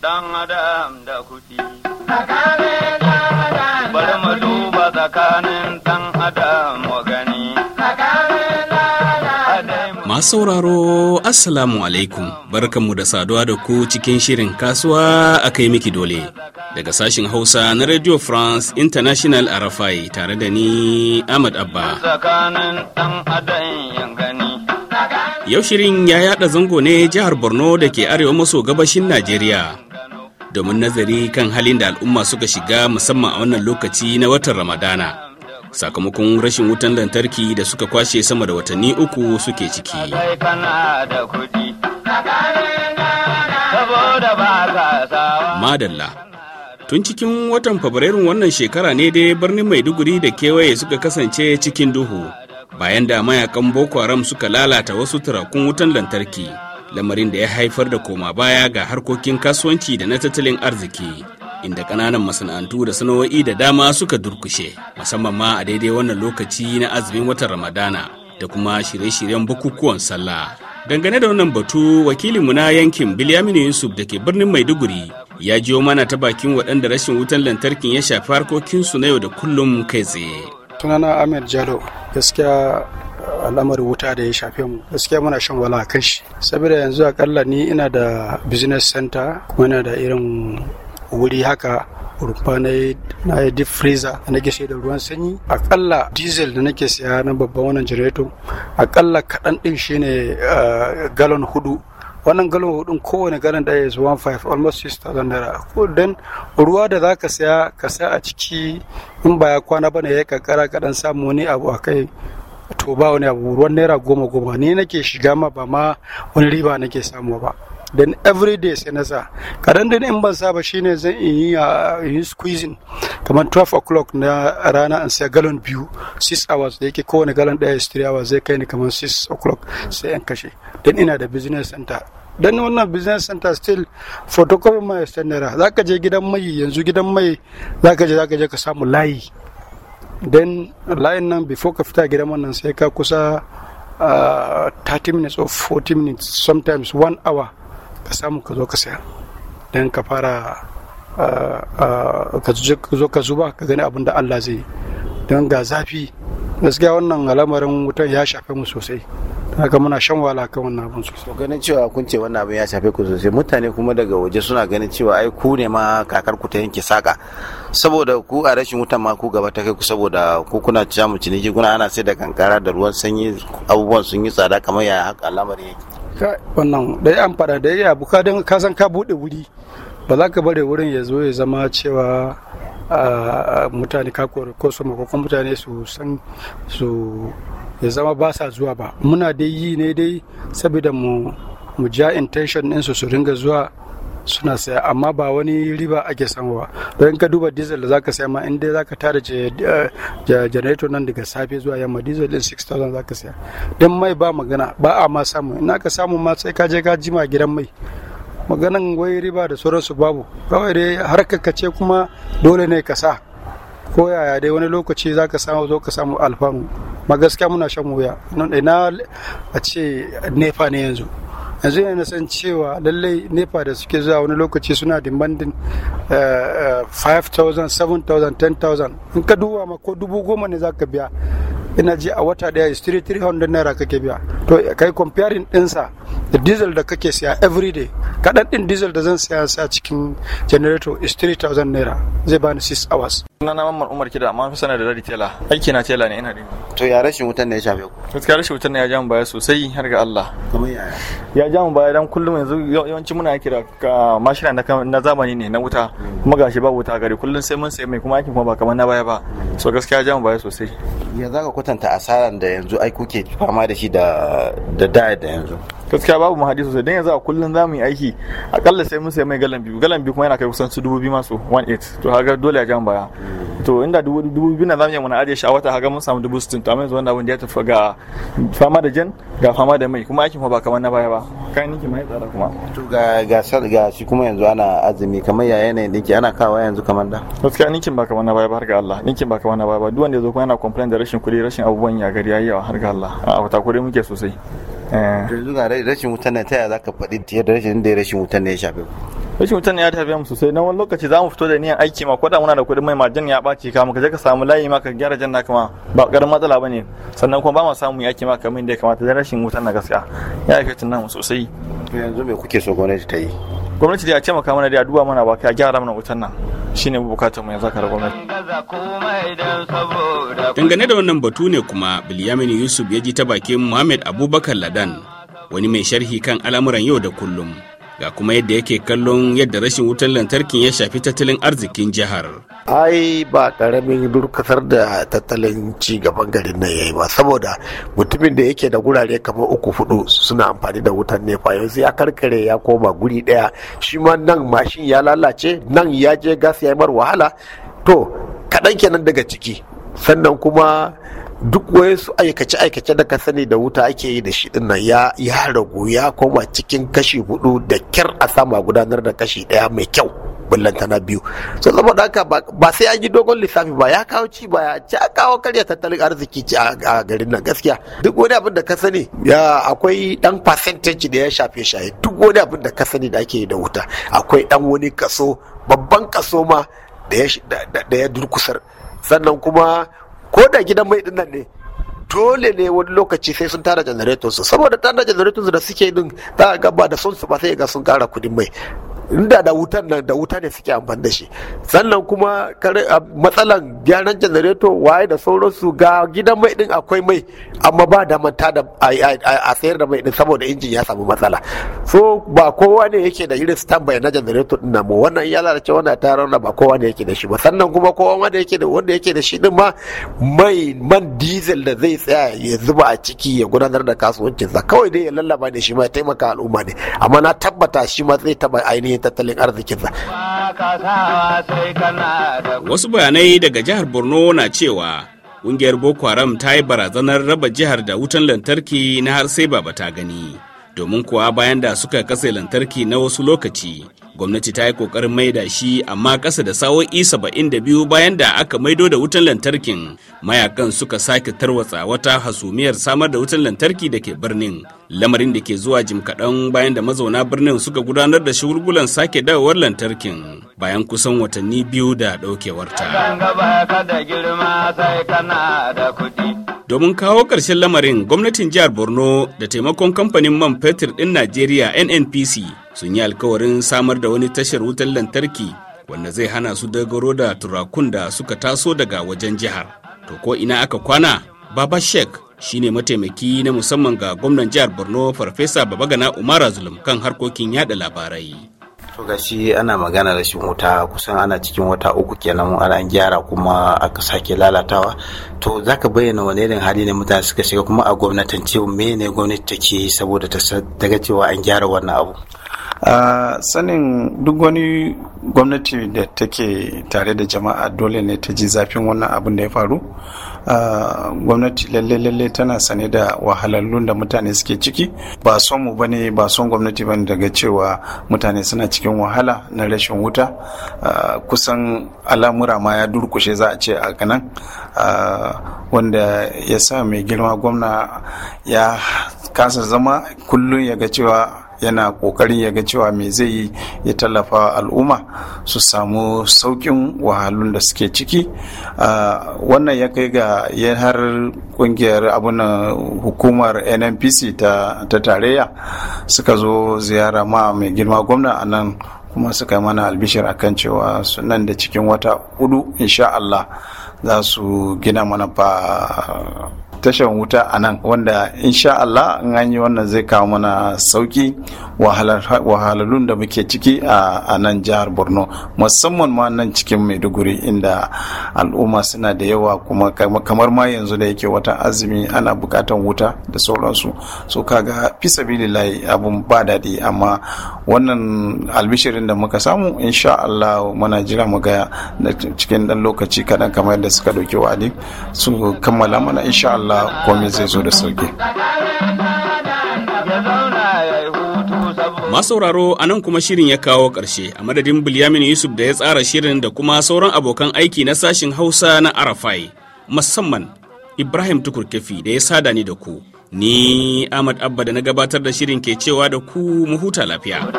Dan adam da kuɗi. Bari mu duba tsakanin dan adam wa gani. Masu sauraro Assalamu alaikum barkanmu da saduwa da ku cikin shirin kasuwa a kai miki dole daga sashin Hausa na Radio France International rafai tare da ni Ahmad Abba. Yau shirin ya yada zango ne jihar Borno da ke arewa maso gabashin Najeriya. domin nazari kan halin da al'umma suka shiga musamman a wannan lokaci na watan ramadana sakamakon rashin wutan lantarki da suka kwashe sama da watanni uku suke ciki madalla tun cikin watan fabrairun wannan shekara ne dai birnin maiduguri da kewaye suka kasance cikin duhu bayan da mayakan boko haram suka lalata wasu turakun wutan lantarki lamarin da ya haifar da koma baya ga harkokin kasuwanci da na tattalin arziki inda kananan masana'antu da sana'o'i da dama suka durkushe musamman ma a daidai wannan lokaci na azumin watan ramadana da kuma shirye-shiryen bukukuwan sallah dangane da wannan batu wakilinmu na yankin bilyaminu yusuf da ke birnin maiduguri ya jiyo mana ta bakin waɗanda rashin wutan lantarkin ya shafi harkokinsu na yau da kullum kai tsaye sunana ahmed jalo gaskiya al'amarin wuta da ya shafe mu gaskiya muna shan wala kan shi saboda yanzu akalla ni ina da business center kuma ina da irin wuri haka rumfa na yi deep freezer da da ruwan sanyi akalla diesel da nake siya na babban wannan janareto akalla kaɗan ɗin shine eh, galon hudu wannan galon hudun kowane galon ɗaya is 1.5 almost 6,000 naira ko dan ruwa da za ka saya ka a ciki in baya kwana ba ne ya kankara kaɗan samu wani abu a kai to ba wani abu ruwan naira goma goma ni nake shiga ma ba ma wani riba nake samu ba then every day sai na sa kadan din in ban sa ba shine zan yi yi squeezing kamar 12 o'clock na rana an sai gallon biyu 6 hours da yake kowane gallon daya is 3 hours zai kai ni kamar 6 o'clock sai an kashe dan ina da business center dan wannan business center still photocopy ma standard za zaka je gidan mai yanzu gidan mai zaka je zaka je ka samu layi don layin nan before ka fita gidan wannan sai ka kusa uh, ah, 30 minutes or 40 minutes sometimes one hour ka samu ka zo ka saya don ka fara ah, ah, ka zo ka zuba ka gani abin da Allah zai don ga zafi gaskiya wannan al'amarin wutan ya shafe mu sosai haka muna shan wala kan wannan abun sosai ganin cewa kun ce wannan abin ya shafe ku sosai mutane kuma daga waje suna ganin cewa ai ku ne ma kakar ku ta yanke saka saboda ku a rashin wutan ma ku gaba ta kai ku saboda ku kuna mu ciniki kuna ana sai da kankara da ruwan sanyi abubuwan sun yi tsada kamar ya haka al'amari yake wannan da ya amfana da ya buka don ka san ka bude wuri ba za ka bare wurin ya zo ya zama cewa mutane ka ko su mutane su san su ya zama ba sa zuwa ba muna dai yi ne dai saboda mu mu ja intention din su su ringa zuwa suna saya amma ba wani riba ake samuwa ba don ka duba diesel da zaka saya ma in dai zaka tara generator nan daga safe zuwa yamma diesel din 6000 zaka saya don mai ba magana ba a ma samu in aka samu ma sai ka je ka jima gidan mai maganan wai riba da sauransu babu kawai dai har ka ce kuma dole ne ka sa ko yaya dai wani lokaci zaka samu zo ka samu alfanu ma gaskiya muna shan wuya ina a ce nefa ne yanzu yanzu yana san cewa lallai nepa da suke zuwa wani lokaci suna demanding 5,000 7,000 10,000 in ka duba ma ko dubu goma ne za ka biya ina ji a wata daya is 300 naira kake biya to kai comparing dinsa da diesel da kake siya every day kaɗan din diesel da zan siya sa cikin generator is 3000 naira zai bani 6 hours na na mamar umar kida amma fi sanar da dadi tela aiki na tela ne ina da to ya rashin wutan ne ya shafe ku gaskiya rashin wutan ne ya ja mu baya sosai har ga Allah kamar yaya ya ja mu baya dan kullum yanzu yawanci muna kira ka mashina na zamani ne na wuta kuma gashi ba wuta gari kullum sai mun sai mai kuma aikin kuma ba kamar na baya ba so gaskiya ya ja mu baya sosai ya zaka kwatanta asaran da yanzu ai kuke fama da shi da da da yanzu gaskiya babu mu hadi sosai dan yanzu a kullun zamu yi aiki akalla sai mun sai mai galan biyu galan biyu kuma yana kai kusan su dubu biyu masu 18 to kaga dole a jan baya hmm. to inda dubu biyu na zamu yi mana ajiye shi a wata haka mun samu dubu sittin to amma yanzu wanda abin da ya tafi ga fama da jan ga fama da mai kuma aikin ba kamar na baya ba kayan niki mai tsada kuma to ga ga ga shi kuma yanzu ana azumi kamar ya yanayin dinki ana kawo yanzu kamar da gaskiya ninkin ba kamar na baya ba har ga Allah ninkin ba kamar na baya ba duk wanda ya zo kuma yana complain da rashin kuɗi rashin abubuwan ya gari yayi yawa har ga Allah a wata kuɗi muke sosai eh. yanzu ga rashin wutan ne ta yaya zaka faɗi ta yadda rashin da rashin wutan ne ya shafe ku rashin wutan ya tafiya mu sosai na wani lokaci za mu fito da niyan aiki ma koda muna da kuɗin mai majan ya ɓaci ka mu ka je ka samu layi ma ka gyara jan naka ma ba ƙarin matsala ba ne sannan kuma ba mu samu yaki ma kamar da ya kamata da rashin wutan na gaskiya ya yi namu sosai yanzu me kuke so gwamnati ta yi gwamnati da ya ce mana da ya duba mana ba ka gyara mana wutan nan shine bukatar mu yanzu ka da gwamnati dangane da wannan batu ne kuma Bilyamin Yusuf ya ji ta bakin Muhammad Abubakar Ladan wani mai sharhi kan al'amuran yau da kullum ga kuma yadda yake kallon yadda rashin wutar lantarkin ya shafi tattalin arzikin jihar. ai ba karamin durkasar da tattalin ci gaban garin nan yayi ba saboda mutumin da yake da gurare kamar uku hudu suna amfani da wutar nefa yanzu ya karkare ya koma guri daya shi ma nan mashin ya lalace nan ya je gas ya mar wahala to kaɗan kenan daga ciki sannan kuma duk waye su aikace-aikace da ka sani da wuta ake yi da shi din ya ya ragu ya koma cikin kashi hudu da kyar a sama gudanar da kashi daya mai kyau tana biyu so saboda haka ba sai an yi dogon lissafi ba ya kawo ci ba ya ci a kawo karya tattalin arziki ci a garin nan gaskiya duk wani abin da ka sani ya akwai dan percentage da ya shafe shaye duk wani abin da ka sani da ake yi da wuta akwai dan wani kaso babban kaso ma da ya durkusar sannan kuma ko da gidan mai dinnan nan ne dole ne wani lokaci sai sun tara janareton saboda tara janareton da suke din za ka gaba da sun su ba sai ga sun kara kudin mai inda da wutan nan da wuta ne suke amfani da shi sannan kuma matsalan gyaran janareto waye da sauransu ga gidan mai din akwai mai amma ba da manta da a sayar da mai din saboda injin ya samu matsala so ba kowa ne yake da irin standby na janareto din nan wannan ya lalace wannan ta rauna ba kowa ne yake da shi ba sannan kuma kowa wanda yake da wanda yake da shi din ma mai man diesel da zai tsaya ya zuba a ciki ya gudanar da kasuwancin sa kawai dai ya lallaba ne shi ma ya taimaka al'umma ne amma na tabbata shi ma zai taba ainihin tattalin arzikin sa. Wasu bayanai daga jihar Borno na cewa ƙungiyar Boko Haram ta yi barazanar raba jihar da wutan lantarki na har sai ba ta gani. domin kuwa bayan da suka kasa lantarki na wasu lokaci gwamnati ta yi kokarin da shi amma kasa da sa'o'i saba'in da biyu bayan da aka maido da wutan lantarkin mayakan suka sake tarwatsa wata hasumiyar samar da wutan lantarki da ke birnin lamarin da ke zuwa jim kaɗan bayan da mazauna birnin suka gudanar da shagulgulan sake dawowar lantarkin bayan kusan watanni biyu da ɗaukewarta. da girma sai kana da kuɗi. domin kawo ƙarshen lamarin gwamnatin jihar borno da taimakon kamfanin man fetur ɗin najeriya nnpc sun yi alkawarin samar da wani tashar wutar lantarki wanda zai hana su dagaro da turakun da suka taso daga wajen jihar to ko ina aka kwana baba shi ne mataimaki na musamman ga gwamnan jihar borno farfesa babagana umara zulum kan harkokin yada labarai to gashi ana magana da shin wuta kusan ana cikin wata uku kenan ana an gyara kuma aka sake lalatawa to zaka bayyana wani irin hali ne mutane suka shiga kuma a gwamnatin ce me ne gwamnati take saboda ta daga cewa an gyara wannan abu a sanin duk wani gwamnati da take tare da jama'a dole ne ta ji zafin wannan abin da ya faru Ah, gwamnati lalle-lalle tana sane da wahalallun da mutane suke ciki ba son mu bane ba son gwamnati bane daga cewa mutane suna cikin wahala na rashin wuta ah, kusan al'amura ma ya durkushe za a ce a ganan ah, wanda ya sa mai girma gwamna ya kasa zama kullum ya ga cewa yana kokarin ya ga cewa me zai yi ya tallafa al'umma su samu sauƙin wahalun da suke ciki wannan ya kai ga ya har kungiyar abunan hukumar nnpc ta tarayya suka zo ziyara ma mai girma gwamna a nan kuma suka yi mana albishir akan cewa nan da cikin wata hudu insha Allah za su gina mana fa Tashar wuta a nan wanda insha Allah an yi wannan zai kawo mana sauki wahalalun da muke ciki a nan jihar Borno musamman ma nan cikin Maiduguri inda al'umma suna da yawa kuma kamar ma yanzu da yake wata azumi ana bukatan wuta da sauransu so ga, fi sabilillahi abun ba daɗi amma wannan albishirin da muka samu insha Allah muna jira mu ga cikin dan lokaci kaɗan kamar yadda suka ɗauki wa'adi su kammala mana insha Allah Allah komai zai zo da sauki. Masauraro a nan kuma shirin ya kawo ƙarshe a madadin Bilyamin Yusuf da ya tsara shirin da kuma sauran abokan aiki na sashin Hausa na Arafai musamman Ibrahim Tukurkefi da ya sada ni da ku. Ni Ahmad Abba da na gabatar da shirin ke cewa da ku mu huta lafiya.